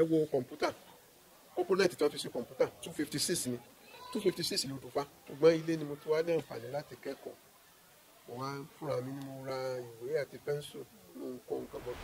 ẹ wo kọ̀ǹpútà ọkùnrin tí wọ́n fi sí kọ̀ǹpútà two fifty six ni two fifty six ló dùn fa ṣùgbọ́n ilé ni mo ti wá ní àǹfààní láti kẹ́kọ̀ọ́ mo wá fúnra mi ni mo ra ìwé àti pẹ́ńsù mo ń kọ́ nǹkan bọ́.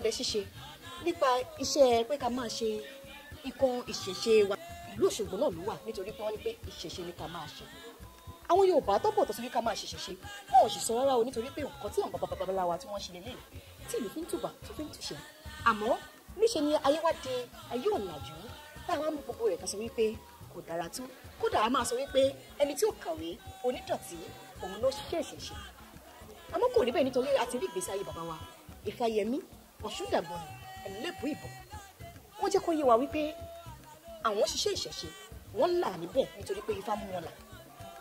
ọdẹ ṣíṣe nípa iṣẹ́ pé ká máa ṣe nǹkan ìṣẹ̀ṣe wa ìlú Òṣogbo náà ló wà nítorí pé wọ́n ní pé ìṣẹ̀ṣe ni ká máa ṣe àwọn Yorùbá tó pọ̀ tó sọ pé ká máa ṣe ṣẹ̀ṣe wọn ò sì sọ rárá o nítorí pé nǹkan tí àwọn bàbá bàbá wa tí wọ́n ṣe lélẹ̀ tí ìlú fi ń tùbà tó fi ń tùṣẹ̀ àmọ́ níṣe ni ayé wá di ayé ọ̀làjú táwọn á mú gbogbo rẹ̀ ká sọ wípé kò dára tó kódà a máa sọ wípé ẹni tí ó kàwé onídọ̀tí òun ló ṣẹ̀ṣẹ̀ ṣe àmọ́ kò rí bẹ́ẹ̀ nítorí àti rí ìgbésí ayé bàbá wa Ifáyẹmí ọ̀ṣúndàbọ̀nì ẹ̀lẹ́bù ìbọn wọ́n jẹ́ kó yé wa wípé àwọn ṣiṣẹ́ ìṣẹ̀ṣe wọ́n là níbẹ̀ nítorí pé ifá mú wọn là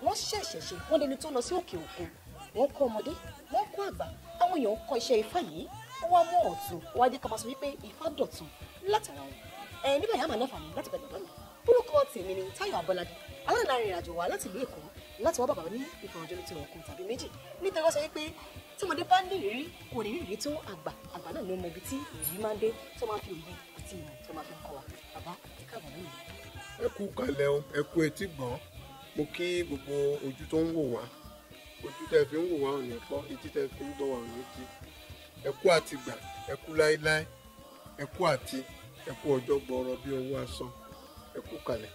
wọ́n ṣiṣẹ́ ìṣẹ̀ṣe wọ́n dẹni tó lọ sí òkè òkun wọ́n kọ́ ọmọdé wọ́n kọ́ àgbà àwọn èèyàn ń kọ́ iṣẹ́ ifá yìí wọ́n wá mú ọ̀tún wọ́n á jẹ́ ká máa sọ wípé ifá dọ̀tun láti wọn ẹ láti wá bàbá ní ìfọ̀rọ̀jọ́ létí wọn kan tàbí méjì nítorí wọ́n sọ pé tí ọmọdé bá ní ìrírí kò ní ìrírí tó àgbà àgbà náà ló mọ ibi tí ìrírí máa ń dé tó máa fi òye àti ìmọ̀ tó máa fi kọ́ wa bàbá ẹ káàbọ̀ lónìí. ẹ kú kalẹ̀ o ẹ kú etí gbọ́n mo kí gbogbo ojú tó ń wò wá ojú tẹ fi ń wò wá òní pọ́ etí tẹ fi ń gbọ́ wá òní ti ẹ kú àtìgbà ẹ kú láéláé ẹ kú àti ẹ kú ọjọ́ gbọ́ọ̀rọ̀ bí owó aṣọ ẹ kú kalẹ̀.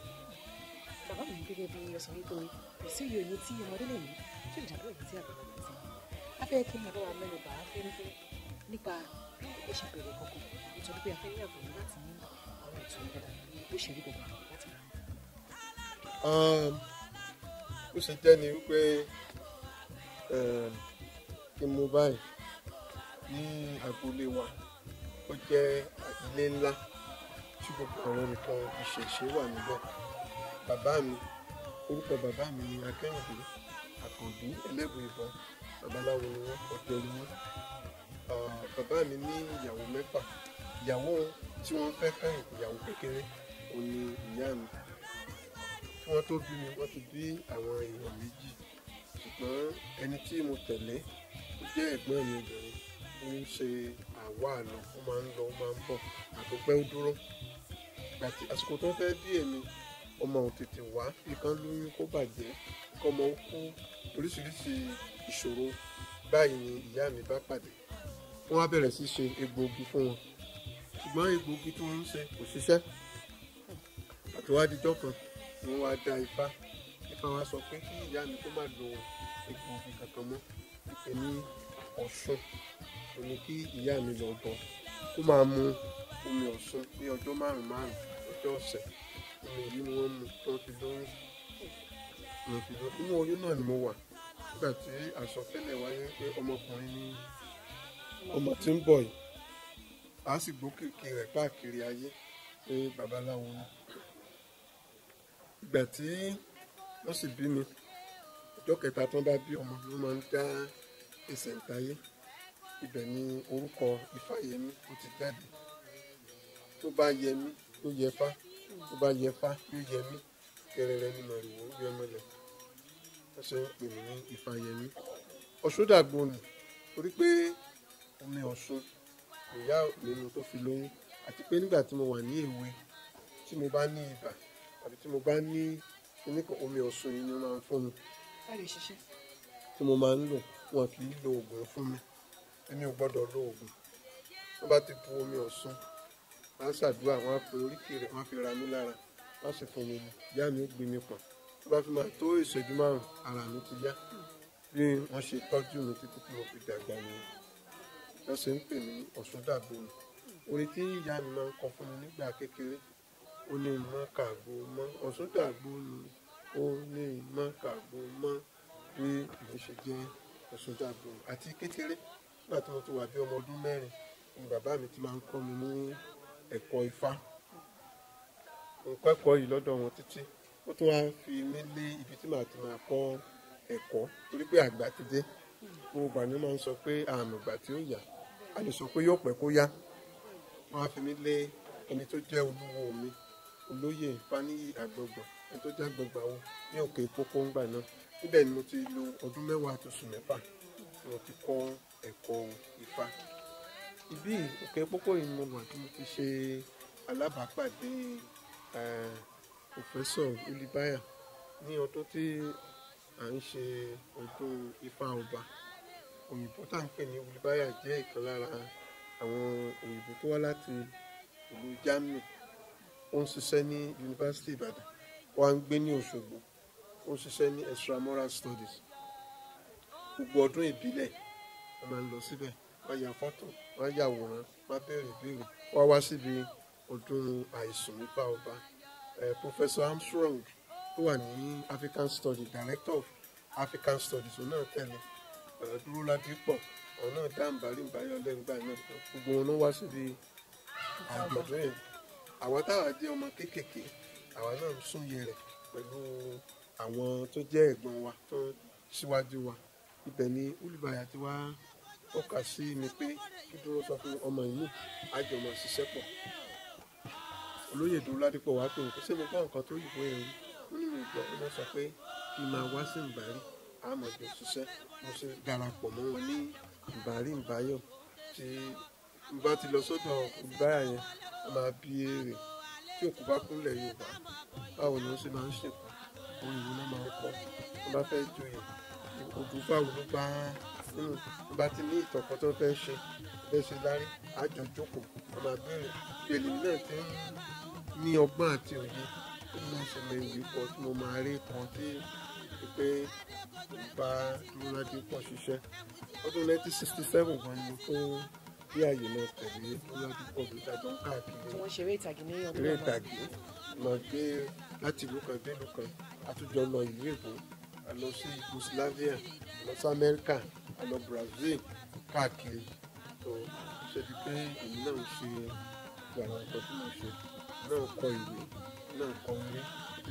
bàbá mi gẹ́gẹ́ bí ọ̀sán nítorí kò sí iye òye tí ọmọdé lè ní tí ìjà lóye tí àgbàlagbà lè sìn. afẹ́ kí ni ọlọ́wà mẹ́nu bá fẹ́rẹ́fẹ́ nípa bí ẹ ṣe bẹ̀rẹ̀ kọ̀ọ̀kan nítorí pé afẹ́ yàgò ní láti ní àwọn ètò ìgbàlá ó ṣe rí gbọ̀ngàn láti rà. ó ṣe jẹ́ ni wípé kí n báyìí ní agboolé wa ó jẹ́ ilé ńlá tí gbogbo àwọn nǹkan ìṣẹ̀ṣe wà níbẹ̀ bàbá mi orúkọ bàbá mi ni akẹ́yìndé àkànbí ẹlẹ́bùíbọn babaláwo ni wọ́n ọ̀dọ́ ni wọ́n bàbá mi ní ìyàwó mẹ́fà ìyàwó tí wọ́n fẹ́ kẹ́yìn ìyàwó kékeré òun ni ìyá mi kí wọ́n tó bí mi wọ́n ti bí àwọn èèyàn méjì ṣùgbọ́n ẹni tí mo tẹ̀lé jẹ́ ẹ̀gbọ́n mi obìnrin ó ń ṣe àwa àlọ́ ó máa ń lọ ó máa ń bọ̀ àtúpẹ́ ó dúró àti àsìkò tó fẹ́ bí èmi ọmọ ò tètè wá nǹkan lóyún kó bàjẹ́ kọ́mọ kú oríṣiríṣi ìṣòro báyìí ni ìyá mi bá pàdé wọ́n wá bẹ̀rẹ̀ sí ṣe egbòogi fún wọn ṣùgbọ́n egbòogi tí wọ́n ń ṣe kò ṣiṣẹ́ àtiwádìjọ́ kan ni wọ́n wá da ifá ifá wa sọ pé kí ìyá mi kó má lo egbòogi kankan mọ́ ìpè ní ọ̀ṣun kò ní kí ìyá mi lọ bọ̀ kó máa mu omi ọ̀ṣun ní ọjọ́ márùn-ún márùn-ún ọjọ́ ọ̀sẹ̀ èyí ni wọ́n mu tó fi lóyún mo fi lóyún inú oyún náà ni mo wà nígbà tí àsọtẹ́lẹ̀ wáyé pé ọmọkùnrin ni ọmọ tí ń bọ̀ yìí a sì gbókèké rẹ̀ káàkiri ayé pé babaláwo ni ìgbà tí wọ́n sì bí mi ọjọ́ kẹta tí wọ́n bá bí ọmọ ló máa ń dá ẹsẹ̀ ìtayé ibẹ̀ ni orúkọ Ifáyẹmí ó ti jáde tó bá yẹmí ló yẹfá tó bá yẹ fa yóò yẹ mí kẹrẹrẹ ni mọ̀ ìwò yọ mọ́lẹ̀ wọ́n ṣe ń pè mí ní ìfàyẹmí ọ̀ṣun dàgbònù torí pé omi ọ̀ṣun ìyá nínú tó fi lóyún àti pé nígbà tí mo wà ní èwe tí mo bá ní ibà àbí tí mo bá ní oníkan omi ọ̀ṣun yìí ni wọ́n máa ń fún mi tí mo máa ń lò wọn kì í lo oògùn fún mi èmi ò gbọ́dọ̀ lo oògùn wọ́n bá ti bu omi ọ̀ṣun wọ́n ṣàdúrà wọ́n fi oríkì rẹ̀ wọ́n fi ra mí lára wọ́n sì fún mi yá mi ó gbé mi pọ̀ tó bá fi máa tó ìṣẹ́jú márùn ara mi ti yá bí wọ́n ṣe tọ́jú mi títí tí mo fi dàgbà nìyẹn wọ́n sì ń pè ní Ọ̀ṣun dàgbò mi orin tí ìyá mi máa ń kọ fún mi nígbà kékeré ó ní mọ kàgbó mọ Ọ̀ṣun dàgbò mi ó ní mọ kàgbó mọ bí mo ṣe jẹ́ Ọ̀ṣun dàgbò àti kékeré nígbà tí mo ti wà bí ọmọ ọdún mẹ́rin ni bàbá mi ti máa ń kọ́ mi ní ẹ̀kọ́ ifá mo kẹ́kọ̀ọ́ yìí lọ́dọ̀ wọn títí ó tún wá fi mí lé ibi tí màá ti máa kọ́ ẹ̀kọ́ torí pé àgbà ti dé gbogbo ìgbà ni máa ń sọ pé àmì ìgbà tí ó yà á lè sọ pé yóò pẹ́ kó yá wọ́n á fi mí lé ẹni tó jẹ́ olúwo mi olóyè Fáníyì Àgbọ̀gbọ̀ ẹni tó jẹ́ Àgbọ̀gbọ̀ àwọn ní òkè pópó ńgbà náà níbẹ̀ ni mo ti lo ọdún mẹ́wàá àti oṣù mẹ́fà mo ti kọ́ ẹ̀kọ́ ifá ibi òkè pópó yìí ni mo ti mo ti ṣe alábàápàdé eh, pòfẹ́sọ̀ olùbáyà ní ọdún tí à ń ṣe ọdún ifá ọba òyìnbó tá à ń pè ní olùbáyà jẹ́ ìkan lára àwọn òyìnbó tó wá láti ìlú Germany ó ń ṣiṣẹ́ ní yunifásitì Ìbàdàn wá ń gbé ní Òṣogbo ó ń ṣiṣẹ́ ní extramural studies gbogbo ọdún ìbílẹ̀ a máa ń lọ síbẹ̀ wọ́n ya fọ́tò wọ́n ya àwòrán wọ́n béèrè ìbéèrè wọ́n wá síbi ọdún àìsùn nípa ọba eh, Professor Armstrong tó wà ní African Studies Director of African Studies òun náà tẹ̀lé eh, dúró ládìpọ̀ òun náà dáǹbàrí ìbáyọ̀ lẹ́gbàá náà gbogbo wọn ló wá síbi àjọ̀dún yẹn àwọn táwa jẹ́ ọmọ kéékèèké àwa náà ń súnyẹ rẹ̀ pẹ̀lú àwọn tó jẹ́ ẹ̀gbọ́n wa tó síwájú wa ibẹ̀ ni olùbàyà ti wá tọ́ka sí ni pé Kídúró sọ fún ọmọ ìlú àjọmọ̀ ṣiṣẹ́ pọ̀ olóyè dúró ládìpọ̀ wá pé òkú sẹ́mi gbọ́ nǹkan tó yìnbọn yẹn rí nínú ìgbà wọn sọ pé kí n máa wá sí ìbárí àmọ̀jọ ṣiṣẹ́ mo ṣe darapọ̀ mọ́ wọn ní ìbárí ìbáyọ̀ tí n bá ti lọ sọ́dọ̀ ìbáyà yẹn a máa bí èrè tí òkú bá kúnlẹ̀ Yorùbá báwo ni wọ́n ṣe máa ń ṣèkọ́ òyìnbó náà máa ń kọ́ wọ́n bá fẹ́ joyè òkú báwo ló bá Hmm. bá ti ní ìtọ̀kọ́ tó fẹ́ ṣe fẹ́ ṣe lárí àjọ jókòó ọmọ abẹ́rẹ́ ìpele náà ti ń ní ọgbọ́n àti òye nínú ìṣẹ̀lẹ̀ ìwé kan tí mo máa rí kan tí pé bá múnádé pọ̀ ṣiṣẹ́ ọdún 1967 gan ni tó bí àyè náà tẹ̀lé múnádé pọ̀ tó dájọ́ káàkiri wọ́n ṣeré ìtàgé ní ọdún náà ìtàgé máa gbé láti ìlú kan dé ìlú kan àtújọ lọ ìlú èkó lọ sí Yugoslavia lọ sí Amẹ́ríkà lọ Brazil káàkiri tó ṣe di pé èmi náà ń ṣe gbàrà ọ̀tọ̀ tí mo ṣe náà kọ ìwé náà kọ orí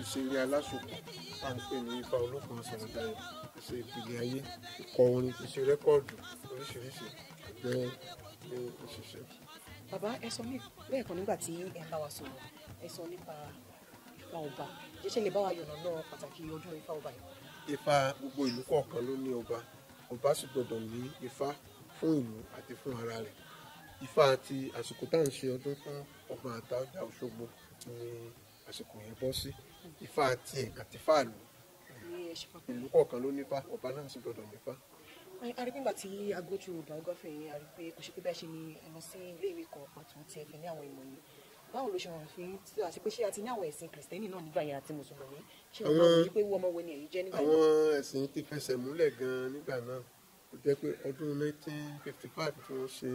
ìṣe eré alásopọ̀ tá à ń pè ní ifá olókùn ọ̀sán dayọ̀ ìṣe ìpìlẹ̀ ayé ìkọ orin ìṣe rẹ́kọ̀dù oríṣiríṣi jẹ́ ní òṣìṣẹ́. bàbá ẹ sọ ní lẹ́ẹ̀kan nígbà tí ẹ bá wa sọ̀rọ̀ ẹ sọ nípa ifá ọba jẹ́sẹ̀ lè bá wa yọ̀nà náà pàtàkì ọjọ́ ifá ọba yìí. ifá gbogbo ìlú kọ̀ọ̀kan ló ní ọba kò bá sì gbọdọ̀ ní ifá fún ìlú àti fún ara rẹ̀ ifá àti àsìkò tá à ń ṣe ọdún fún ọba àtàjà Òṣogbo ni àsìkò yẹn bọ́ sí ifá àti ẹ̀ àti fáàlú ìlú kọ̀ọ̀kan ló nípa ọba náà sì gbọdọ̀ nípa. arígbìngbà tí agbójú ọ̀gá ọgọ́fẹ̀ yìí a rí pé kò ṣe pé bẹ́ẹ̀ ṣe ni ẹ̀rọ sí ilé ìwé kan pàtó tí ẹ ní àwọn ìmọ̀ yìí báwo ló ṣe rọrùn fún yín tí àti pé ṣé a ti ní àwọn ẹ̀sìn kìrìsìtẹ́nì náà nígbà yẹn àti mùsùlùmí ṣé o máa ń wí wọ́n ọmọ wo ni èyí jẹ́ nígbà yẹn. àwọn ẹ̀sìn ti fẹsẹ̀ múlẹ̀ gan-an nígbà náà ó jẹ́ pé ọdún 1955 tí wọ́n ṣe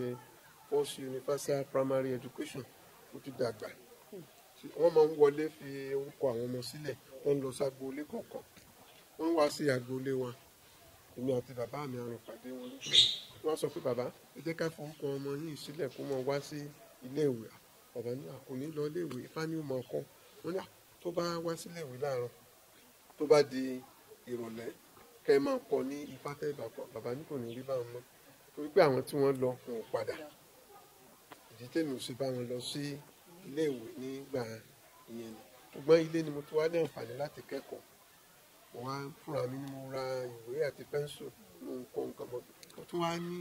post universal primary education ó ti dàgbà hmm. wọ́n máa ń wọlé fi orúkọ àwọn ọmọ sílẹ̀ wọ́n ń lọ ságboolé kọ̀ọ̀kan wọ́n wá sí agboolé wọn èmi àti bàbá mi àrùn pàdé wọn wọ́n sọ pé bàbá ẹ jẹ́ ká forúkọ ọmọ yìí sílẹ̀ kó mọ wá sí ilé ìwé ọmọ ní àkóní lọ léèwé ifá ní ọmọ ọkọ wọn ní tó bá wá sílé ìwé láàárọ̀ tó bá di ìrọ̀lẹ́ kẹ́ ẹ máa kọ ní ifá tẹ́ bàbá ní kò ní rí báwọn mọ́ torí pé àwọn tí wọ́n lọ kò padà ìdí tèmi ò sì bá wọn lọ sí ilé nígbà ìyẹn ni ṣùgbọ́n ilé ni mo ti wá ní àǹfààní láti kẹ́kọ̀ọ́ mo wá fúnra mi ni mo ra ìwé àti pẹ́ńsù mo ń kọ nǹkan mọ́ mo tún wá ní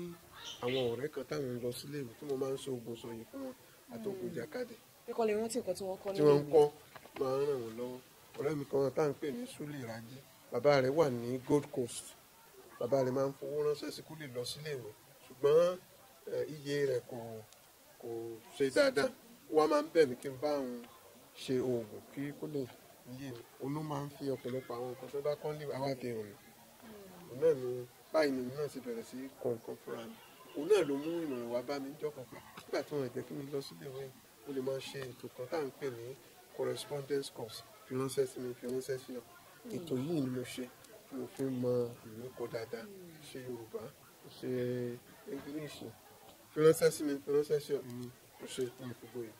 àwọn ọ̀rẹ́ kan táwọn ń lọ sílé ìwé tí mo máa ń so oògùn fún wọn àtòkò ìjàkadì. kíkọ́ lè rántí nǹkan tí wọ́n kọ́ nílé ìwé. tí wọ́n ń kọ́ máa ń ràn wọ́n lọ́wọ́ ọ̀rẹ́ mi kan tá à ń pè ní Sule Raji bàbá rẹ̀ wà ní Gold Coast bàbá rẹ̀ máa ń fowó ránṣẹ́ sí Kúlè lọ sílé ìwé ṣùgbọ́n iye rẹ̀ kò kò ṣe dáadáa wọ́n máa ń bẹ̀ mí kí n bá òun ṣe oògùn kí Kúlè yé olú máa ń fi ọ̀pọ̀lọpọ̀ àwọn nǹkan tó bá kọ́ níwájú àwa fi hàn mí hmm. náà ni báyìí ni mi náà ti bẹ̀rẹ̀ sí kọ̀ọ̀kan fúnra mi òun náà ló mú ìmọ̀ràn wá bá mi jọ kankan nígbà tí wọ́n jẹ́ kí mi lọ sílé ìwé mo lè máa ṣe ètò kan tá à ń pè ní correspondence course fi ránṣẹ́ sí mi fi ránṣẹ́ sí ọ ètò yìí ni mo ṣe mo fi mọ ìlú kọ dáadáa ṣe Yorùbá ṣe English fi ránṣẹ́ sí mi fi ránṣẹ́ sí ọ mo ṣe fún ìfúgbó yìí.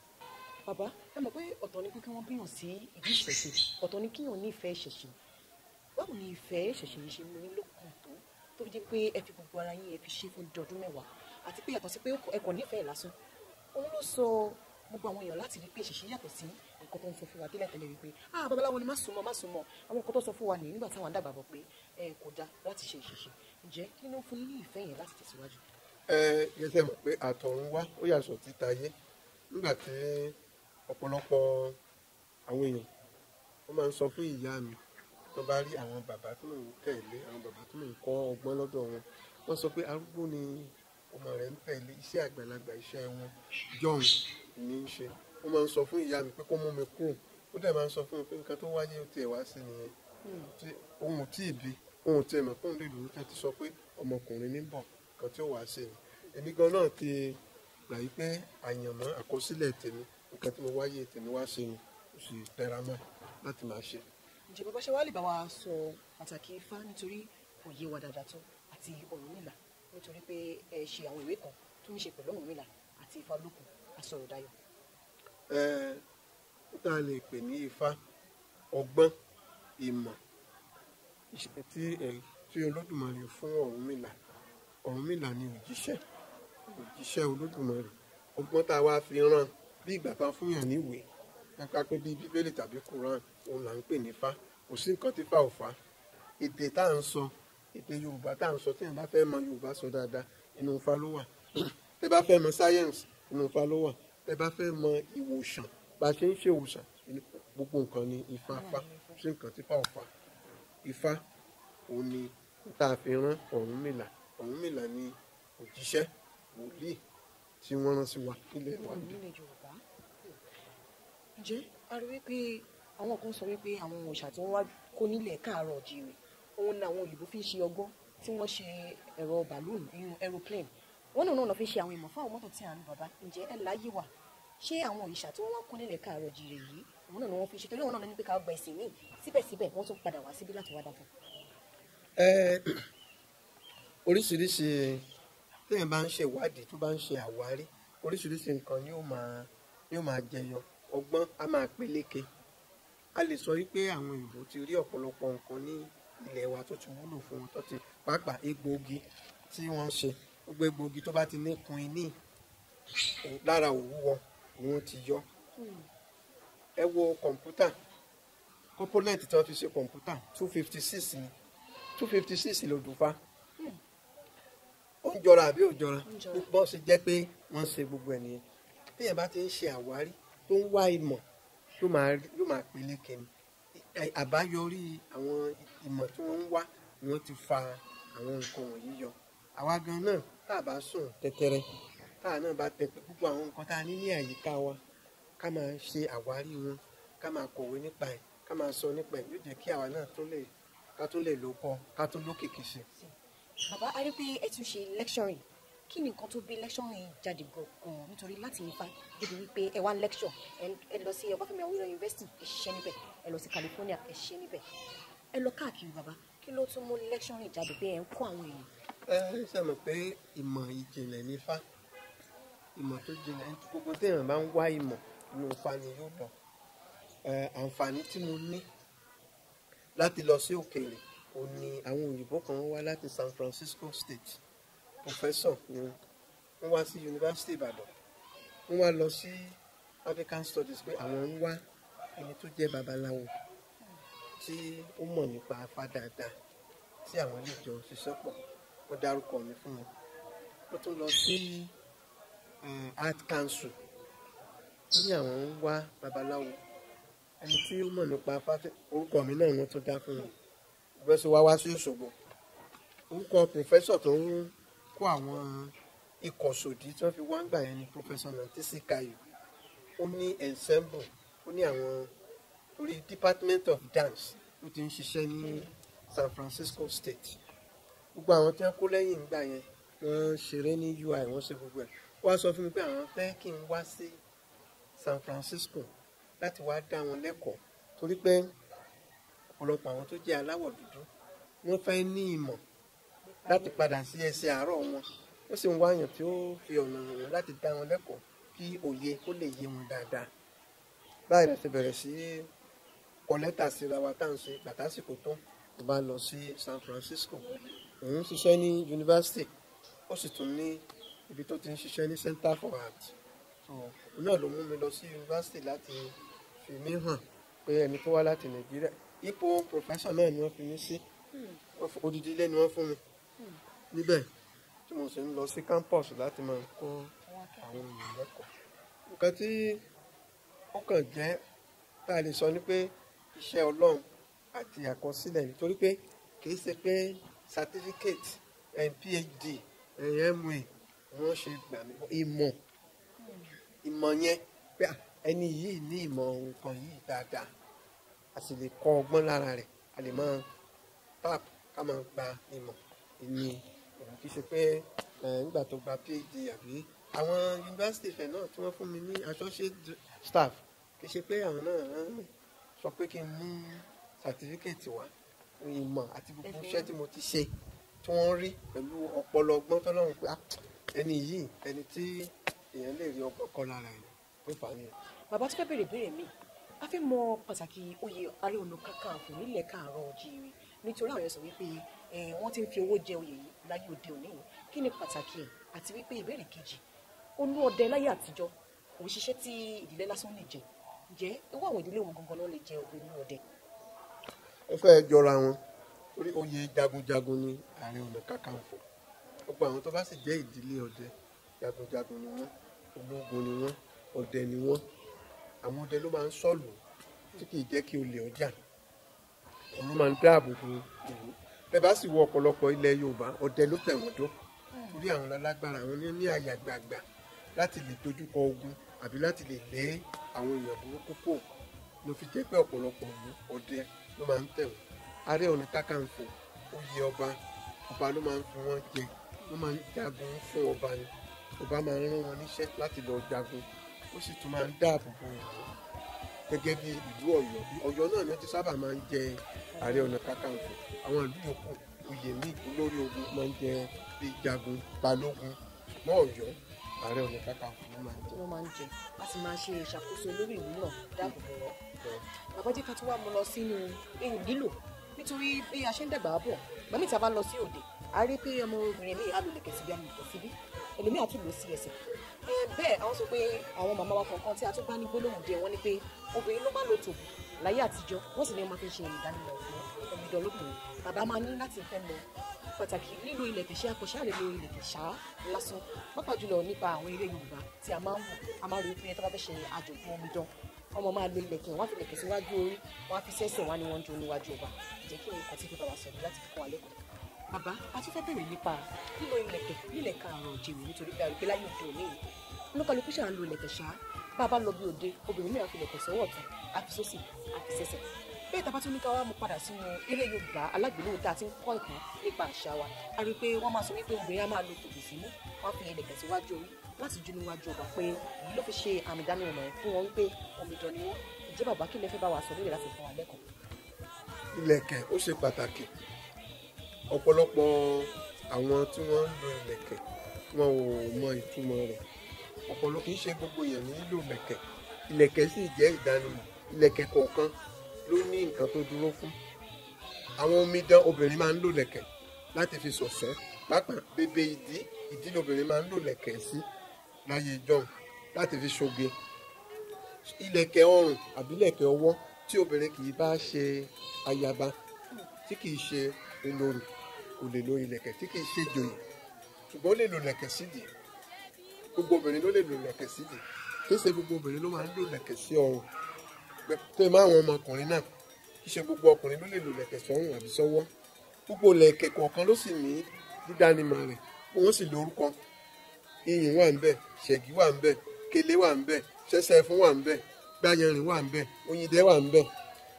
bàbá ẹ mọ̀ pé ọ̀tọ̀ ni kí wọ́n bíyàn sí ìdí ìṣẹ̀ṣe ọ̀tọ̀ ni kíyàn ní ìfẹ́ ìṣẹ̀ṣe báwo ni ìfẹ́ ìṣẹ̀ṣe yìí ṣe mú nílò tó jẹ́ pé ẹ fi gbogbo ara yín ẹ fi ṣe fún dọdún mẹ́wàá àti pé yàtọ̀ sí pé ẹ kò nífẹ̀ẹ́ lásán òun ló sọ gbogbo àwọn èèyàn láti rí pé ṣèṣe yàtọ̀ sí nǹkan tó ń sọ fún wa tẹ́lẹ̀ tẹ́lẹ̀ wípé ah babaláwo ni má súnmọ́ má súnmọ́ àwọn nǹkan tó sọ fún wa nìyí nígbà táwọn àdàgbà bọ̀ pé ẹ kò dáa láti ṣe ìṣẹ̀ṣe ǹjẹ́ kí ló fún yín ìfẹ́ yẹn láti tẹ̀síwájú. ẹ yẹsẹ mọ̀ pé àtọ̀run wá ó yàtọ̀ títa yé nígbà tí ọ̀pọ̀lọpọ̀ àwọn èèyàn wọ́n máa ń sọ fún ìyá mi tó bá rí àwọn bàbá tí mò ń tẹ̀lé àwọn bàbá tí mò ń kọ́ ọgbọ́n lọ́dọ̀ wọn wọ́n sọ pé arúgbó ni ọmọ rẹ̀ ń tẹ̀lé iṣẹ́ àgbàlagbà iṣẹ́ wọn john ní í ṣe ó máa ń sọ fún ìyá mi pé kó mú mi kúrò ó dẹ̀ máa ń sọ fún mi pé nǹkan tó wáyé tiẹ̀ wá sí nìyẹn ohun tí ìbí ohun tí ẹ̀mọ̀ fún ìlú nǹkan ti sọ pé ọmọkùnrin ní bọ̀ kan tí ó wàá ṣe ni èmi gan náà ti gbà yí pé àyànmọ́ àkọsílẹ̀ tèmi nǹkan tí mo wáyé tèmi wá ṣe ni ó sì tẹra mọ́ láti máa ṣe ìjọba bá ṣe wá lè bá wa sọ pàtàkì ifá nítorí kò yé wa dáadáa tó àti Ọ̀rúnmìlà nítorí pé ẹ ṣe àwọn ìwé kan tó ní ṣe pẹ̀lú Ọ̀rúnmìlà àti ifá olókun àsọ̀rọ̀dáyọ̀. ẹ ó tá a lè pè ní ifá ọgbọ́n ìmọ̀ ìṣẹ̀ tí ẹ tí Olódùmarè fún Ọ̀rúnmìlà Ọ̀rúnmìlà ni òjíṣẹ́ òjíṣẹ́ Olódùmarè ọgbọ́n tá a wá fi rán bí ìgbà kan fún yàn níwèé ká pé bí bíbélì tàbí koran òun là ń pè ní fa kò sí nǹkan tí fa ò fa èdè tá à ń sọ èdè yorùbá tá à ń sọ tí èèyàn bá fẹ́ mọ yorùbá sọ dáadáa inú fa ló wà tẹ́ bá fẹ́ mọ science inú fa ló wà tẹ́ bá fẹ́ mọ ìwòsàn bá a ṣe ń ṣe ìwòsàn gbogbo nǹkan ni ifá fa kò sí nǹkan tí fa ò fa ifá òun ni tá a fi rán Ọ̀rúnmìlà Ọ̀rúnmìlà ni òjíṣẹ́ wòlíì tí wọ́n rán sí wa nílẹ̀ wa nílẹ̀ jẹ́ a rí wípé àwọn kan sọ wípé àwọn òòṣà tí wọ́n wá kó nílẹ̀ káàárọ̀ òjìrì òun ni àwọn òyìnbó fi ń ṣe ọgbọ́n tí wọ́n ṣe ẹ̀rọ balloon inú aeroplane wọ́n náà náà lọ fi ṣe àwọn ìmọ̀ fáwọn mọ́tò tí à ń bàbá ǹjẹ́ ẹ̀ láyé wà ṣé àwọn òrìṣà tí wọ́n wá kó nílẹ̀ káàárọ̀ òjìrì yìí òun náà ni wọ́n fi ṣe torí òun náà ní pé ká gba ẹ̀sìn míì síbẹ̀síbẹ̀ wọ́n tún padà wá síbí láti wá dàpọ̀. ẹ oríṣiríṣi téèyàn bá ń ṣe ìwádìí tó bá ń ṣe àwárí oríṣiríṣi nǹkan yóò máa jẹyọ ọgbọ́n a máa peléke a lè sọ wípé àwọn òyìnbó ti rí ọ̀pọ̀lọpọ̀ nǹkan ní ilẹ̀ wa tó ti wúlò fún wọn tó ti pàápàá egbòogi tí wọ́n ń ṣe gbogbo egbòogi tó bá ti ní kun iní lára òwú wọn ni wọ́n ti yọ ẹ wo kọ̀ǹpútà component tí wọ́n fi ṣe kọ̀ǹpútà two fifty six ni two fifty six lòdùfà ó ń jọra àbí ò jọra bó ṣe jẹ́ pé wọ́n ṣe gbogbo ẹ̀ nìyẹn bí yẹn bá ti ń ṣe àwárí tó ń wá ìmọ̀ yóò máa yóò máa peléke ni àbáyọrí àwọn ìmọ̀ tí wọ́n ń wá ni wọ́n ti fa àwọn nǹkan wọ̀nyí yọ àwa gan náà tá a bá sùn tẹ́tẹ́rẹ́ tá a náà bá tẹpẹ púpọ̀ àwọn nǹkan tá a ní ní àyíká wa ká máa ṣe àwárí wọn ká máa kọ̀wé nípa ẹ̀ ká máa sọ nípa ẹ̀ yóò jẹ́ kí àwa náà tó lè ká tó lè lò ká tó lókìkí ṣe. bàbá arípe ẹ tún ṣe lecturing kí ni nǹkan tó gbé lẹ́ṣọ̀n yìí jáde gan-an nítorí láti nípa débi wípé ẹ wá lẹ́ṣọ̀n ẹ lọ sí ọbáfẹ́mi awúrò yunifásitì ẹ ṣiṣẹ́ níbẹ̀ ẹ lọ sí California ẹ ṣiṣẹ́ níbẹ̀ ẹ lọ káàkiri bàbá kí ló tún mú lẹ́ṣọ̀n yìí jáde pé ẹ ń kó àwọn èèyàn. ẹ ẹ sàmì pé ìmọ̀ ìjìnlẹ̀ ní fa ìmọ̀ tó jìnlẹ̀ gbogbo téèyàn bá ń wá ìmọ̀ inú fa ni yóò San Francisco State professor ni wọ́n wá sí yunifásitì Ìbàdàn wọ́n wá lọ sí African Studies pé àwọn ń wá ẹni tó jẹ́ babaláwo tí ó mọ̀ nípa Ifá dáadáa tí àwọn lè jọ ṣiṣẹ́ pọ̀ wọ́n dárúkọ mi fún mi ó tún lọ sí eh, Art Council ó ní àwọn ń wá babaláwo ẹni tí ó mọ̀ nípa Ifá orúkọ mi náà wọ́n tún dá fún mi ìgbésí wá wá sí Òṣogbo orúkọ professor tó ń kó àwọn ikọ̀ sòdí tí wọ́n fi wọ́n gbà yẹn ni professor nantisi kayo ó ní ensemble ó ní àwọn orí department of dance ló ti ń ṣiṣẹ́ ní San Francisco State gbogbo àwọn tí wọ́n kó lẹ́yìn ìgbà yẹn wọ́n ṣeré ní UI wọ́n ṣe gbogbo ẹ̀ wọ́n á sọ fún mi pé àwọn fẹ́ kí n wá sí San Francisco láti wá dá wọn lẹ́kọ̀ọ́ torí pé ọ̀pọ̀lọpọ̀ àwọn tó jẹ́ aláwọ̀ dúdú wọ́n fẹ́ ní ìmọ̀ láti padà sí ẹsẹ̀ àárọ̀ wọn ó sì ń wáyàn tí ó fi ọ̀nà wọn láti dá wọn lẹ́kọ̀ọ́ kí òye kó lè yé wọn dáadáa báyìí láti bẹ̀rẹ̀ sí kọ̀lẹ́tà síra wa tá à ń ṣe gbàtásìkò tán tó bá lọ sí San Francisco òun ṣiṣẹ́ ní yunifásitì ó sì tún ní ibi tó ti ń ṣiṣẹ́ ní Center for Art òun náà ló mú mi lọ sí yunifásitì láti fi mí hàn pé ẹni tó wá láti Nàìjíríà ipò professor náà ni wọ́n fi mí sí hmm. odidi ilé ni wọ́n fún mi níbẹ̀ tí mo sì ń lọ sí campus láti máa kọ́ àwọn èèyàn lẹ́kọ̀ọ́ nǹkan tí ó kàn jẹ́ tá a lè sọ ni pé iṣẹ́ ọlọ́run àti àkọsílẹ̀ nítorí pé kì í ṣe pé certificate eh, phd eh, ma wọ́n ṣe gbà mí ìmọ̀ ìmọ̀ yẹn pé ẹni yìí ní ìmọ̀ nǹkan yìí dáadáa a sì lè kọ́ ọgbọ́n lára rẹ̀ a lè máa tap ká máa gba ìmọ̀ èmi kì í ṣe pé nígbà tó gba phd àbí àwọn yunifásitì fẹ̀ náà tí wọ́n fún mi ní associate staff kì í ṣe pé àwọn náà sọ pé kí n mú sàtífíkẹ̀tì wá ìmọ̀ àti gbogbo iṣẹ́ tí mo ti ṣe tí wọ́n rí pẹ̀lú ọpọlọ ọgbọ́n tọ́lọ́run pé ah, ẹni yìí ẹni tí èèyàn lè rí ọgbọ́n kọ́ lára ẹ̀ pé fàánù. bàbá tó fẹ́ bèrè ìbéèrè mi a fi mọ pàtàkì oyè Ààrẹ Ọ̀nà Kakanfò nílẹ̀ káàárọ̀ oòjíire nítorí àwọn yẹn wípé wọ́n ti ń fi owó jẹ oyè yìí láyé òde òní yìí kí ni pàtàkì ẹ̀ àti wípé ìbéèrè kejì olú ọdẹ láyé àtijọ́ kò ń ṣiṣẹ́ tí ìdílé lásán lè jẹ jẹ́ irú àwọn ìdílé wọn gangan ló lè jẹ olú ọdẹ. ó fẹ́ jọra wọn orí oyè jagunjagun ni ààrẹ ọ̀nà kàkàǹfò gbogbo àwọn tó bá sì jẹ́ ìdílé ọdẹ jagunjagun ni wọ́n ológun ni wọ́n ọdẹ ni wọ́n àwọn ọdẹ ló máa ń sọ̀lù tí kì í jẹ́ kí olè ọjà òun bẹ́ẹ̀ bá sì wo ọ̀pọ̀lọpọ̀ ilẹ̀ Yorùbá ọdẹ ló tẹ̀wọ̀n tó torí àwọn alágbára àwọn ní àyà gbàgbà láti lè dojúkọ ogun àbí láti lè lé àwọn èèyàn burúkú kò ló fi jẹ́ pé ọ̀pọ̀lọpọ̀ ọdẹ ló máa ń tẹ̀wọ̀n Ààrẹ Ọ̀nà Kakanfò oyè ọba ọba ló máa ń fi wọ́n jẹ wọ́n máa ń jagun fún ọba ni ọba máa ń rán wọn níṣẹ́ láti lọ jagun ó sì tún máa ń dáàbò bo ìlú gẹ́gẹ́ bí ìlú ọ̀yọ́ ọ̀yọ́ náà ni wọ́n ti sábà máa ń jẹ ààrẹ ọ̀nà kakanfò àwọn ìlú yòókù oyè ní olórí ogun máa ń jẹ bíi jagun balógun mọ́ ọ̀yọ́ ààrẹ ọ̀nà kakanfò ló máa ń jẹ. ló máa ń jẹ a sì máa ṣe ìṣàkóso lórí ìlú náà dáàbò bò bàbá jẹ́ ká wá mo lọ sínú ihò lílò nítorí bí a ṣe ń dàgbà bọ̀ gbàmí ìta bá lọ sí òde a rí pé ọmọ obìnrin mi bẹ́ẹ̀ àwọn sọ pé àwọn màmá wa kọ̀ọ̀kan tí a tún bá ní gbólóhùn díẹ̀ wọ́n ní pé obìnrin ló bá lò tò láyé àtijọ́ wọ́n sì ní wọ́n máa fi ṣe ìdánilẹ̀ ọ̀fẹ́ ọ̀gbìdọ̀ lókùnrin bàbá máa ní láti fẹ́ lọ pàtàkì lílo ilẹ̀ kẹ̀ṣẹ́ àkọ́ṣẹ́ àlè lo ilẹ̀ kẹ̀ṣá lásán pápá jùlọ nípa àwọn eré Yorùbá tí a máa ń wò a máa rí pé tó bá fẹ́ ṣe àjọ̀dún omidan ọmọ máa lo ilẹ̀kẹ̀ wọ́n á fi ilẹ̀kẹ̀ síwájú orí wọ́n á fi sẹ́sẹ̀ wá ní wọ́n jó níwájú ọba ìjẹ́kí òun kọ́ tí pípa wá sọ̀rọ̀ láti fi wa lẹ́kọ̀ọ́ bàbá a tún fẹ́ bèrè nípa lílo ìlẹ̀kẹ̀ nílẹ̀ karùn-ún òjèwì nítorí pé àrùn gbéláyé òde òní yìí oníkàlùkù ṣà ń lo ìlẹ̀kẹ̀ ṣá bá a bá lọ bí òde obìnrin mìíràn fi ìlẹ̀kẹ̀ sọ́wọ́ ọ̀tún àfi sósì àfi sẹ́sẹ̀ bẹ́ẹ̀ tá a bá tún ní ká wá mú padà sínú ilé Yorùbá alágbèlówó tá a ti ń kọ́ ìtàn nípa àṣà wa a rí i pé wọ́n máa sọ wípé obìnrin á máa lo tòbí sí mú wọ́n fi ìlẹ̀kẹ̀ síwájú orí láti jóni wájú ọba pé èyí ló fi ṣe àmì ìdánimọ̀ ẹ̀ fún wọn wípé omidan ni wọ́n ìjẹ́ bàbá kí lè fẹ́ bá wa sọ lórí láti fún wa lẹ́kọ̀ọ́. ìlẹ̀kẹ̀ ó ṣe pàtàkì ọ̀pọ̀lọpọ̀ àwọn tí wọ́n ń lo ìlẹ̀kẹ̀ wọn ò mọ ìtumọ̀ rẹ̀ ọ̀pọ̀lọpọ̀ kì í ṣe gbogbo èèyàn ní lílo ìlẹ̀kẹ̀ ìlẹ̀kẹ̀ sì jẹ́ ìdánimọ̀ ìlẹ̀kẹ̀ kọ̀ọ̀kan ló ní nǹkan tó dúró fún àwọn omidan obìnrin máa ń lò lẹ̀kẹ̀ láti fi ṣọ̀ṣọ́ pápá bèbè ìdí ìdí lobìnrin máa ń lò lẹ̀kẹ̀ sí láyé ìjọ́un láti fi ṣoge ìlẹ̀kẹ̀ ọrùn àbí ìlẹ̀kẹ̀ ọwọ́ tí obìnrin kì í bá ṣe ayaba tí kì í ṣe olórí kò lè lo ìlẹ̀kẹ̀ tí kì í ṣe joyè ṣùgbọ́n ó lè lo ìlẹ̀kẹ̀ sídìí gbogbo obìnrin ló lè lo ìlẹ̀kẹ̀ sídìí kì í ṣe gbogbo obìnrin ló máa ń lo ìlẹ̀kẹ̀ sí ọrùn tó ẹ máa wọn ọmọkùnrin náà kì í ṣe gbogbo ọkùnrin ló lè lo ìlẹ̀kẹ̀ sọ́rùn àbí sọ́wọ́ gbogbo ìlẹ̀kẹ̀ kọ̀ọ̀kan ló sì ní dídánimọ̀ rẹ̀ wọ́n sì lórúkọ iyùn wà ń ṣẹ̀gí wà ń bẹ̀ wà ń bẹ̀ fún wà ń bẹ̀ wà ń bẹ̀ oyindẹ wà ń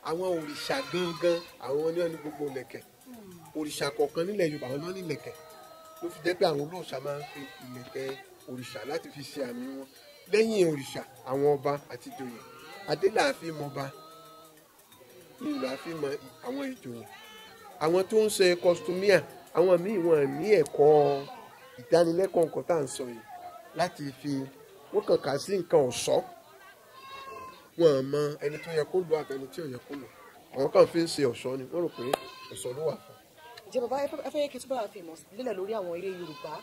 àwọn òrìṣà gangan àwọn ní ní gbogbo ìlẹ̀kẹ̀ òrìṣà kọ̀ọ̀kan nílẹ̀ yorùbá wọn lọ ní ìlẹ̀kẹ̀ ló fi jẹ́ pé àwọn olóòṣà máa ń fi ìlẹ̀kẹ̀ òrìṣà láti fi ṣe àmì wọn lẹ́yìn òrìṣà àwọn ọba àti ìjòyè adé là á fi mọ ọba ìlà fi mọ àwọn ìjòyè àwọn tó ń ṣe kọstumíà àwọn míì wọn ní ẹ̀kọ́ ìdánilẹ́kọ̀ọ́ nǹkan tá à ń sọ yìí láti fi wọ́n kàn kà sí nǹkan ọ̀ṣọ́ wọn mọ ẹni tó yẹ kó lò àbẹni tí ò yẹ kó lò àwọn kan fi ń ṣe ọ̀ṣọ́ ni wọ́n rò pé ọ̀ṣọ́ ló wà fún ǹjẹ́ bàbá ẹ fẹ́ kí túbọ̀ àfi ìmọ̀ lélẹ̀ lórí àwọn eré Yorùbá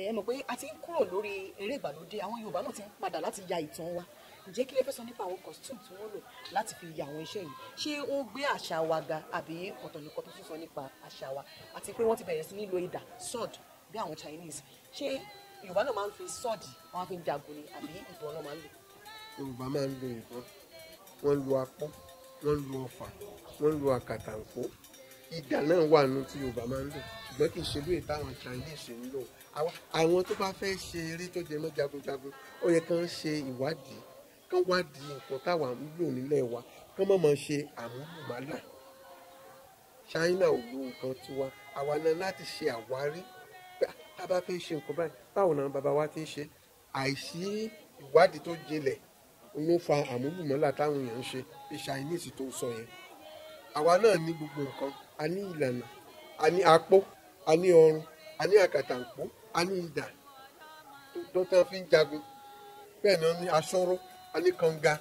ẹ mọ̀ pé a ti ń kúrò lórí eré ìgbàlódé àwọn Yorùbá náà ti ń padà láti ya ìtàn wa ǹjẹ́ kí lè fẹ́ sọ nípa àwọn costume tí wọ́n lò láti fi ya àwọn iṣẹ́ yìí ṣé ó gbé àṣà wa ga àbí ọ̀tọ̀ nìkan tó tún sọ nípa àṣà wa àti pé wọ́n ti bẹ̀rẹ̀ sí nílò idà sword bí àwọn Chinese ṣé Yorùbá náà máa ń fi sword wọ́n fi ń jagun ni àbí ìbọn náà máa ń lò. Yorùbá máa ń lo ìbọn wọ́n lo apọ́ wọ́n lo ọfà wọ́n lo àkàtàǹkó idà náà wà nù tí Yorùbá máa ń lò ṣùgbọ́n kì í ṣe lóye táwọn Chinese ń lò àwọn tó bá fẹ́ ṣe eré tó jẹ mọ́ jagunjagun ó yẹ kán ṣe ìwádìí kán wádìí nǹkan táwa ń lò nílẹ̀ wa kán mọ̀ mọ̀ ṣe àmúlùmálà China ò lo nǹkan tiwa àwa náà láti ṣe àwárí tá a bá fẹ́ ṣe nǹkan báyìí báwo náà bàbá wa ti ń ṣe àìsí ìwádìí tó jinlẹ̀ ló fa àmúlùmálà táwọn èèyàn ń ṣe bí Chinese tó sọ yẹn àwa náà ní gbogbo nǹkan a ní ìlànà a ní apó a ní ọrùn a ní àkàtàǹpó a ní idà tó tán fi ń jagun bẹ́ẹ̀ náà ní asọ́rọ́ a ní kànga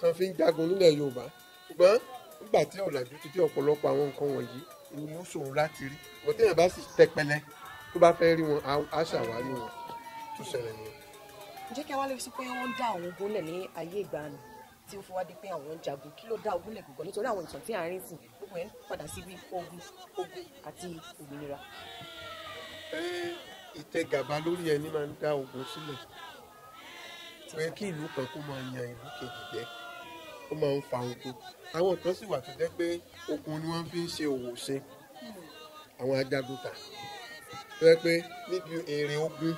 tán fi ń jagun nílẹ̀ Yorùbá ṣùgbọ́n nígbà tí ọ̀làjú ti dé ọ̀pọ̀lọpọ̀ àwọn nǹkan wọ̀nyí ni ó ṣòro láti rí wọ́n tẹ̀yàn bá sì tẹpẹlẹ tó bá fẹ́ rí wọn á ṣàwárí wọn tó ṣẹlẹ̀ nìyẹn. ǹjẹ́ kí a wá lè sọ pé wọ́n dá àwọn ogun lẹ̀ ní ayé ìgbàanì tí ó fi wá di pé àwọn ń jagun kí ló dá ogun lẹ̀ gbọ̀ngàn nítorí àwọn ìtàn tí à ń rìn sìn ogun ẹ̀ padà sí bí ogun ogun àti òmìnira. ìtẹ̀gàba lórí ẹni máa ń dá ogun sílẹ̀ kò yẹ kí ìlú kan kó máa yan ìlú kejì jẹ ó máa ń fa ogun àwọn kan sì wà tó jẹ́ pé ogun ni wọ́n fi ń ṣe òwò ṣe àwọn ajagunta tó yẹ pé níbi èrè ogun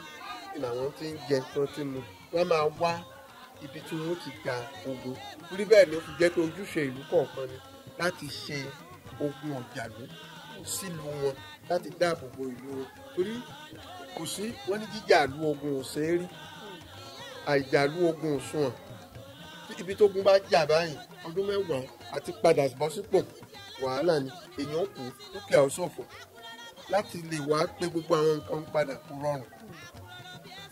làwọn ti ń jẹ tó ti mu wọ́n máa wá ibi tí wọ́n ti gba ogun torí bẹ́ẹ̀ ló fi jẹ́ pé ojúṣe ìlú kọ̀ọ̀kan ni láti ṣe ogun ọ̀jàlú sílùú wọn láti dáàbò bo ìlú wọn torí kò sí wọn ní jíjàlú ogun ọ̀sẹ̀ rí àìjàlú ogun òṣùwọ̀n ibi tó gun bá jà báyìí ọdún mẹ́wàá àti padà bọ́ sípò wàhálà ni èèyàn kù dúkìá ọ̀ṣọ̀fò láti lè wá pé gbogbo àwọn nǹkan padà kó rọrùn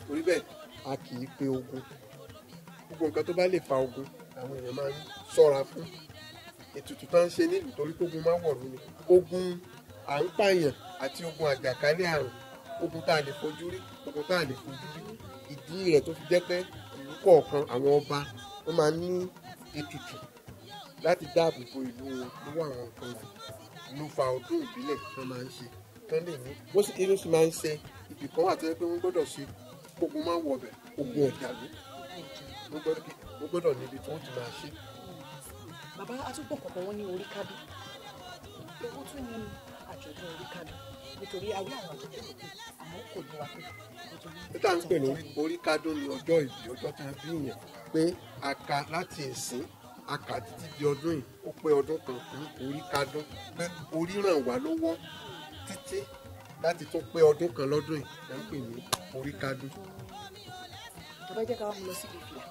torí bẹ́ẹ̀ a kì í pe ogun gbogbo nǹkan tó bá lè fa ogun àwọn èèyàn máa ń ṣọ́ra fún ètùtù tó ń ṣe nílùú torí pé ogun máa wọ̀rù ni ogun à ń pààyàn àti ogun àjàkálẹ̀ àrùn ogun tá a lè fojú rí ogun tá a lè fojú rí ìdí rẹ̀ tó fi jẹ́ pé ìlú kọ̀ọ̀kan àwọn ọba wọ́n máa ń ní ètùtù láti dáàbò bo ìlú wọn lọ́wọ́ àwọn nǹkan yìí fa ọdún ìbílẹ̀ tó máa ń ṣe tán lè ní wọ́n sì irú sì máa ń ṣe ibì kan wà tó yẹ pé wọ́n gbọ́dọ̀ ṣe ogun máa ń wọ̀ bẹ̀ ogun ọ̀dàlú wọ́n gbọ́dọ̀ níbi tí wọ́n ti máa ṣe bàbá atúbọ̀ kọ̀ọ̀kan wọn ní orí kádùn ewu tún ní àjọ̀dún orí kádùn nítorí awé àwọn àjọ̀dún kò àmọ́ kò ní wa pé. nígbà tí pè ní orí kádùn ní ọjọ́ ìbí ọjọ́ tá a bí yẹn pé a kà láti ìsìn a kà títí di ọdún yìí ó pé ọdún kan orí kádùn pé orí ràn wá lọ́wọ́ títí láti tún pé ọdún kan lọ́dún yìí là ń pè ní orí kádùn. bàbá jẹ́ ká wá lọ sí ìfìyà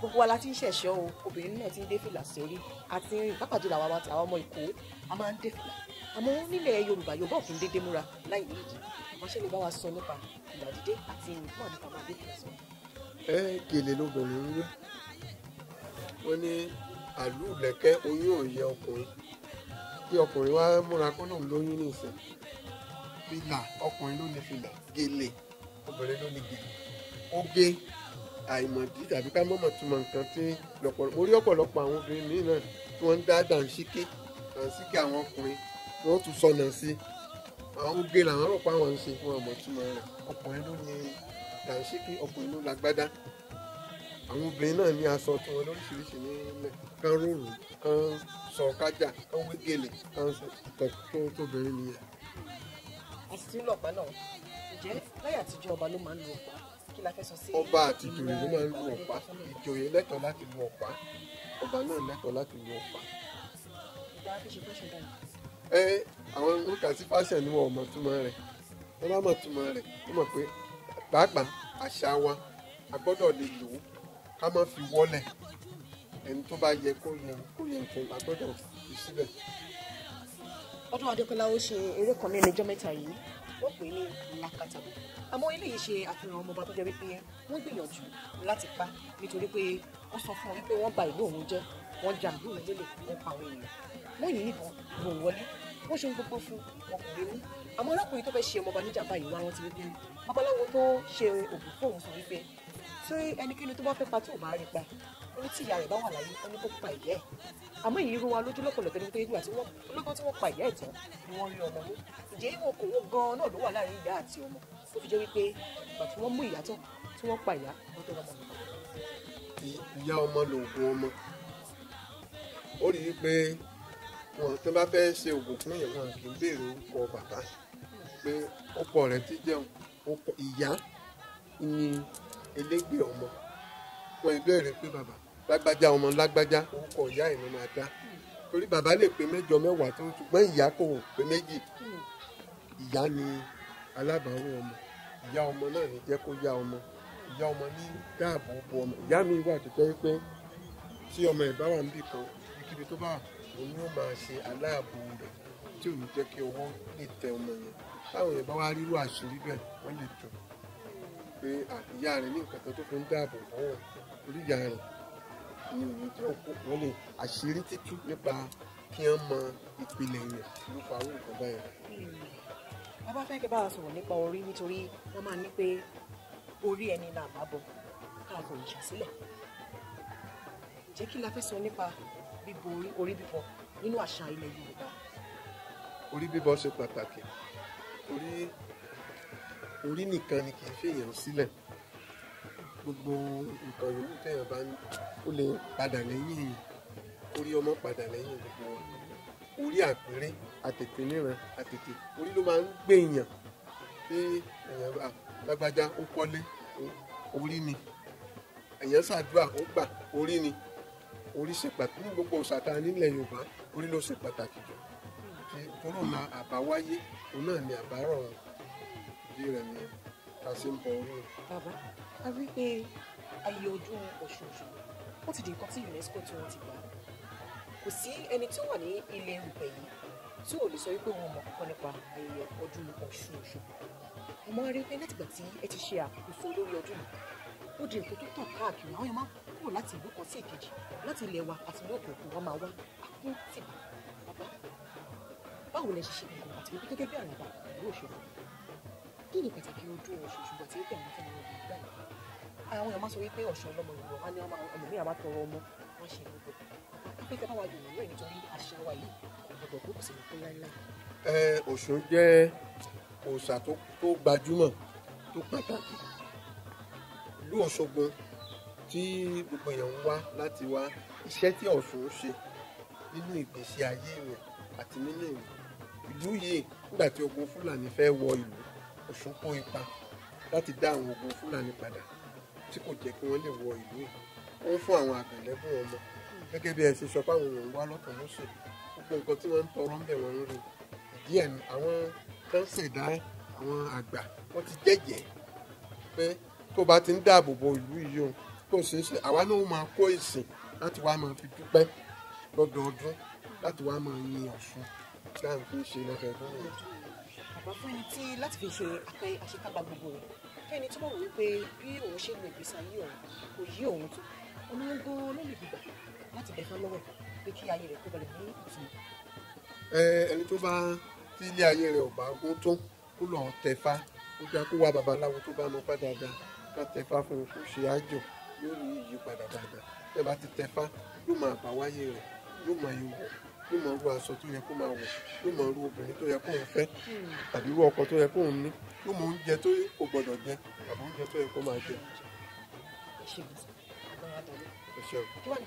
gbogbo wa la ti ń ṣẹ̀ṣọ́ o obìnrin náà ti ń dé fìlà sórí àti rìn pápájọ làwọn àwọn àtàwọn ọmọ èkó a máa ń dé fìlà àmọ́ nílẹ̀ yorùbá yorùbá òfin dédé múra láì ní ìdí àmọ́ ṣé lè bá wa sọ nípa ìlà dídé àti ìrìn fún àdúgbò máa dé fìlà sọ. ẹ gèlè lóbìnrin ń wé wọn ní àlù lẹ̀kẹ̀ oyún òye ọkùnrin bí ọkùnrin wa múra kó lóun lóyún ní ìsìn fìlà ọkùnrin ló ní fìlà gèlè obìnrin ló ní gèlè oge àìmọ̀dí tàbí ká mọ̀mọ̀ túmọ̀ nǹkan tí lọ́pọ̀lọpọ̀ orí ọ̀pọ̀lọpọ̀ àwọn obìnrin míì náà tí wọ́n ń dá dànsíkè dànsíkè àwọn ọkùnrin wọ́n tún sọnà sí àwọn oge làwọn rò pé àwọn ń ṣe fún ọmọ túmọ̀ rẹ̀ ọkùnrin ló ní dànsíkè ọkùnrin ló lágbádá àwọn obìnrin náà ní aṣọ tí wọn lóríṣiríṣi nílẹ̀ kán rorò kán sọ kájà kán wé gèlè kán sọ tó tóbìnrin nìyẹn. àti tí ń lọ ọ̀pá náà ǹjẹ́ láyà àtijọ́ ọba ló máa ń lo ọ̀pá ọba àti ìjòyè ló máa ń lu ọ̀pá ìjòyè lẹ́tọ̀ọ́ láti lu ọ̀pá ọba náà lẹ́tọ̀ọ́ láti lu ọ̀pá. ẹ àwọn oníkàsí fásitì ni wọn ò mọ túmọ̀ rẹ̀ wọn bá mọ túmọ̀ rẹ̀ wọn mọ̀ pé pàápàá àṣà wa a gbọ́dọ̀ lè lò ó ká má fi wọlẹ̀ ẹni tó bá yẹ kó yẹ kó yẹ nǹkan a gbọ́dọ̀ fi síbẹ̀. ọdún adékọlá ó ṣe eré kan ní ẹnìjọ́ mẹ́ta yìí wọ́n pè é ní làkàtà àmọ́ eléyìí ṣe àfihàn ọmọọba tó jẹ́ wípé wọ́n gbìyànjú láti pa nítorí pé wọ́n sọ fún wọn wípé wọ́n ba ìlú òun jẹ́ wọ́n ja ìlú òun lélẹ̀ wọ́n pa àwọn èèyàn wọ́n yìí nìkan lò wọlé wọ́n ṣe ń gbogbo fún wọn kò léwu àmọ́ arákùnrin tó fẹ́ ṣe ọmọọba níjàmbá yìí wá wọn ti wípé babaláwo tó ṣe òògùn fún òun sọ wípé tí ẹnikẹ́ni tó bá fẹ́ pa tí ò bá rí pa orí tí ìyá rẹ̀ bá wà láyé ó ní kó pa ìyá ẹ̀ àmọ́ èyí rú wa lójú lọ́pọ̀lọpọ̀ nípa ìgbà tí wọ́n lọ́gbọ́n tí wọ́n pa ìyá ẹ̀ tán ni wọ́n rí ọmọ mú ìjẹ́ ìwọ̀n kòwó gan-an náà ló wà láàrin ìyá àti ọmọ tó fi jẹ́ wípé ìgbà tí wọ́n mú ìyá tán tí wọ́n pa ìyá wọ́n tó lọ́mọ nìkan. ìyá ọmọ lòògùn ọmọ ó rí i pé wọn tó bá fẹ́ ṣe oògùn fún yẹn wọn kì í béèrè orúkọ bàbá pé ọkọ rẹ ti jẹun ìyá ni elégbè ọmọ wọn ìbéèrè pé bàbá lágbájá ọmọ lágbájá orúkọ ìyá ìlú máa dá torí bàbá lè pé mẹ́jọ mẹ́wàá tó ṣùgbọ́n ìyá kò pé méjì ìyá ni alábàárò ọmọ ìyá ọmọ náà ní jẹ́ kó yá ọmọ ìyá ọmọ ní dáàbò bo ọmọ ìyá mi wà tó jẹ́ pé tí ọmọ ẹ̀ bá wà níbì kan ibikíbi tó bá òun yóò máa ṣe aláàbò rẹ̀ tí òun jẹ́ kí ọwọ́ lè tẹ ọmọ yẹn táwọn yẹn bá wá rírú àṣírí bẹ́ẹ̀ wọ́n lè jọ pé ìyá rẹ̀ ní nǹkan tó fi ń dáàbò bọ́ wọn orí ìyá rẹ̀ ní òun jẹ́ òkú wọ́n lè àṣírí títú nípa kí wọ́n mọ ìpìlẹ̀ yẹn nípa àwọn nǹkan báyẹn bá fẹ́ kí bá a sọ̀rọ̀ nípa orí nítorí wọ́n máa ní pé orí ẹni náà bá bọ̀ káàkó ìjà sílẹ̀ ǹjẹ́ kí la fẹ́ sọ nípa bíbo orí orí bíbọ nínú àṣà ilẹ̀ Yorùbá. orí bíbọ ṣe pàtàkì orí orí nìkan ni kì í fèèyàn sílẹ̀ gbogbo nǹkan yòówù téèyàn bá ń ó lè padà lẹ́yìn orí ọmọ padà lẹ́yìn gbogbo orí àpérè àtètè nírẹ àtètè orí ló máa ń gbé èèyàn pé èèyàn lágbájá ó kọ́lé orí ni èèyàn ṣàdúrà ó gbà orí ni orí ṣe pàtàkì ní gbogbo òṣàtà nílẹ̀ Yorùbá orí ló ṣe pàtàkì jù kí kòrónà àbáwáyé òun náà ni àbárọ̀ ìdí rẹ̀ ni ta ṣe ń bọ orí rẹ̀. bàbá a rí i pé ayé ọdún Ọ̀ṣun Òṣogbo ó ti di nǹkan tí UNESCO tí wọ́n ti gbà á kò sí ẹni tí ó wà ní ilé ìgbẹ̀ yìí tí ò lè sọ wípé wọn mọ̀ kankan nípa ayẹyẹ ọdún Ọ̀ṣun Òṣogbo mo máa rí i pé látìgbà tí ẹ ti ṣe àkóso lórí ọdún yìí ó di ètò tó tàn káàkiri àwọn yẹn máa ń kúrò láti ìlú kan sí ìkejì láti ilẹ̀ wa àti ìlú òkè òkun wọn máa wá àkún tìbà bàbá báwo lẹ ṣe ṣe gbogbo àti wípé gẹ́gẹ́ bí àwọn ọba ìlú Òṣogbo kí ni pàtàkì ọdún Ọ̀ṣun Òṣogbo àti wípé àwọn fẹ́ràn ọdún ìgbà yìí àwọn yẹn máa sọ wípé Ọ̀ṣun ọlọ́mọ ìlú wọn pé káwọn wájú rẹ̀ nítorí àṣà wa yìí kò gbọdọ̀ kó sì kó láéláé. ẹ Ọ̀ṣun jẹ́ òòṣà tó gbajúmọ̀ tó pàtàkì ìlú Òṣogbo tí gbogbo èèyàn ń wá láti wá iṣẹ́ tí Ọ̀ṣun ń ṣe nínú ìgbésí ayé rẹ̀ àti nínú ìlú ìlú yìí nígbà tí ogun Fúlàní fẹ́ wọ ìlú Ọ̀ṣun kó ipa láti dá àwọn ogun Fúlàní padà tí kò jẹ́ kí wọ́n lè wọ ìlú yìí ó ń fún àwọn àgbẹ̀lẹ́bùn ọmọ gẹ́gẹ́ bí ẹ ṣe sọ fáwọn èèyàn wá lọ́tọ̀ lọ́sẹ̀ gbogbo nǹkan tí wọ́n ń tọrọ ń bẹ̀ wọ́n ń rí díẹ̀ ni àwọn tó ń ṣẹ̀dá àwọn àgbà wọ́n ti jẹ́jẹ́ pé tó bá ti ń dáàbò bo ìlú yìí o tó ṣe é ṣe àwa náà máa kó ìsìn láti wá máa fi dúpẹ́ lọ́dọọdún láti wá máa yin Ọ̀ṣun tí à ń fi ṣe lọ́dọọdún rẹ̀. àbá fún ẹni tí láti fi ṣe àṣekágbá gbogbo kẹ́ni tó mọ̀ wípé bí òun ṣe ń lo ayé òun kò yí òun tó láti bẹ̀fẹ́ lọ́wọ́ pé kí ayé rẹ̀ kó bẹ̀rẹ̀ ní ìtumọ̀. ẹ ẹni tó bá tí ilé ayé rẹ̀ ò bá gún tó kó lọ́ọ́ tẹ̀fá ó já kó wá babaláwo tó bá mọ padà dá ká tẹ̀fá fún un kó ṣe àjò yóò ní ìyípadà dáadáa tẹ́ bá ti tẹ̀fá yóò máa bá wáyé rẹ̀ yóò máa yẹ wọ̀ yóò máa ru aṣọ tó yẹ kó máa wọ̀ yóò máa ru obìnrin tó yẹ kó fẹ́ tàbí ru ọkọ tó yẹ kó ní yóò mọ oúnjẹ tó kò gbọdọ̀ jẹ tàbí oúnjẹ tó yẹ kó máa jẹ náírà dọ́là kí wàá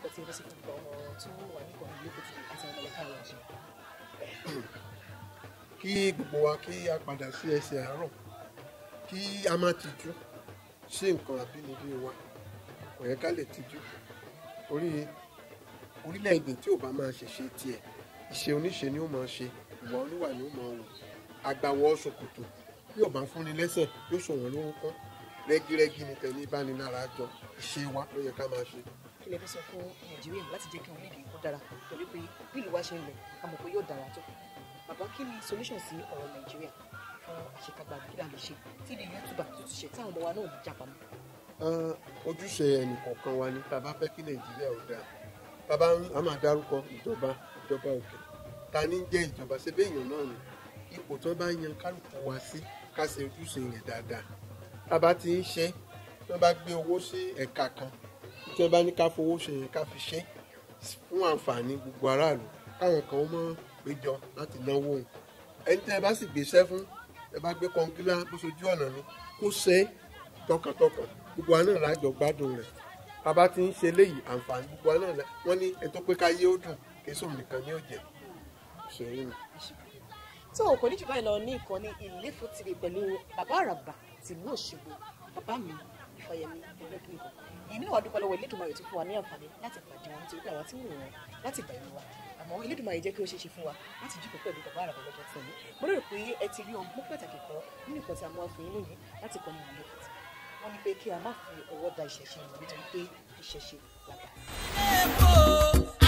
gbogbo wa kí a padà sí ẹsẹ̀ àárọ̀ kí a má tijú ṣe nǹkan àbínibí wa kò yẹ ká lè tijú orí orílẹ̀ tí ò bá máa ṣẹ̀ṣẹ̀ tiẹ̀ ìṣe oníṣe ni ó máa ṣe ìwà oníwà ni ó máa wò àgbàwọ̀ ṣòkòtò bí ò bá fúnni lẹ́sẹ̀ yóò ṣòwò lórúkọ rẹ́gírẹ́gí ni tẹ̀lé ìbánilára jọ ṣe wá ló yẹ ká máa ṣe. kí lè fi sọ fún nàìjíríà láti jẹ́ kí orílẹ̀-èdè kó dára pẹ̀lú pé bí wa ṣe ń lọ àmọ́ pé yóò dára tó bàbá kí ni solution sí ọ̀rọ̀ nàìjíríà fún àṣekágbá kí la lè ṣe tí ilé yútùbà tó ti ṣe táwọn ọmọ wa náà jà pamọ́. ojúṣe ẹnìkọ̀ọ̀kan wa ni tàbá fẹ́ kí nàìjíríà ò dáa tàbá a máa dárúkọ ìjọba ìjọba òkè ta ní jẹ́ ìjọba ṣe béèyàn náà ni ipò tó bá yan kálukú wa sí ká ṣe ojúṣe yẹn dáadáa bàbá ti ń ṣe tí wọ́n bá gbé owó sí ẹ̀ka kan tí wọ́n bá ní ká fowó ṣe yẹn ká fi ṣe fún àǹfààní gbogbo aráàlú káwọn kan mọ́ péjọ láti náwó òun ẹni tí ẹ bá sì gbéṣẹ́ fún ẹ bá gbé kọńgílá bó ṣojú ọ̀nà ni kó ṣe é tọkàntọkàn gbogbo wa náà lájọ gbádùn rẹ̀ bàbá ti ń ṣe léyìí àǹfààní gbogbo wa náà wọ́n ní ẹ tó pé ká yé ó dùn kí nìkan ni ó jẹ ìṣòro tó o kò ní jù báyìí lọ ní ìkànnì ìlẹ́fọ̀ tìrì pẹ̀lú bàbá àràbà tìlú Òṣogbo bàbá mi Ọ̀yẹ̀mí Olóògùn ìbọn èmi náà wà dúpẹ́ lọ́wọ́ Elédùmarè tó fún wa ní àǹfààní láti pàdé wọn nítorí àwọn tí ń wọn láti ìgbà wa àmọ́ Elédùmarè jẹ́ kí ó ṣeé ṣe fún wa láti jókòó pẹ̀lú bàbá àràbà lọ́jọ́ tí òní mo lérò pé ẹ ti rí ọgbọ́n pàtàkì kan nínú nǹkan tí a mú fún láti kọ́ ní ìlú Èkìtì wọ́n ní pé kí a má fi ọwọ́ da ìṣẹ̀ṣe nítorí pé ìṣẹ̀ṣe làgbà.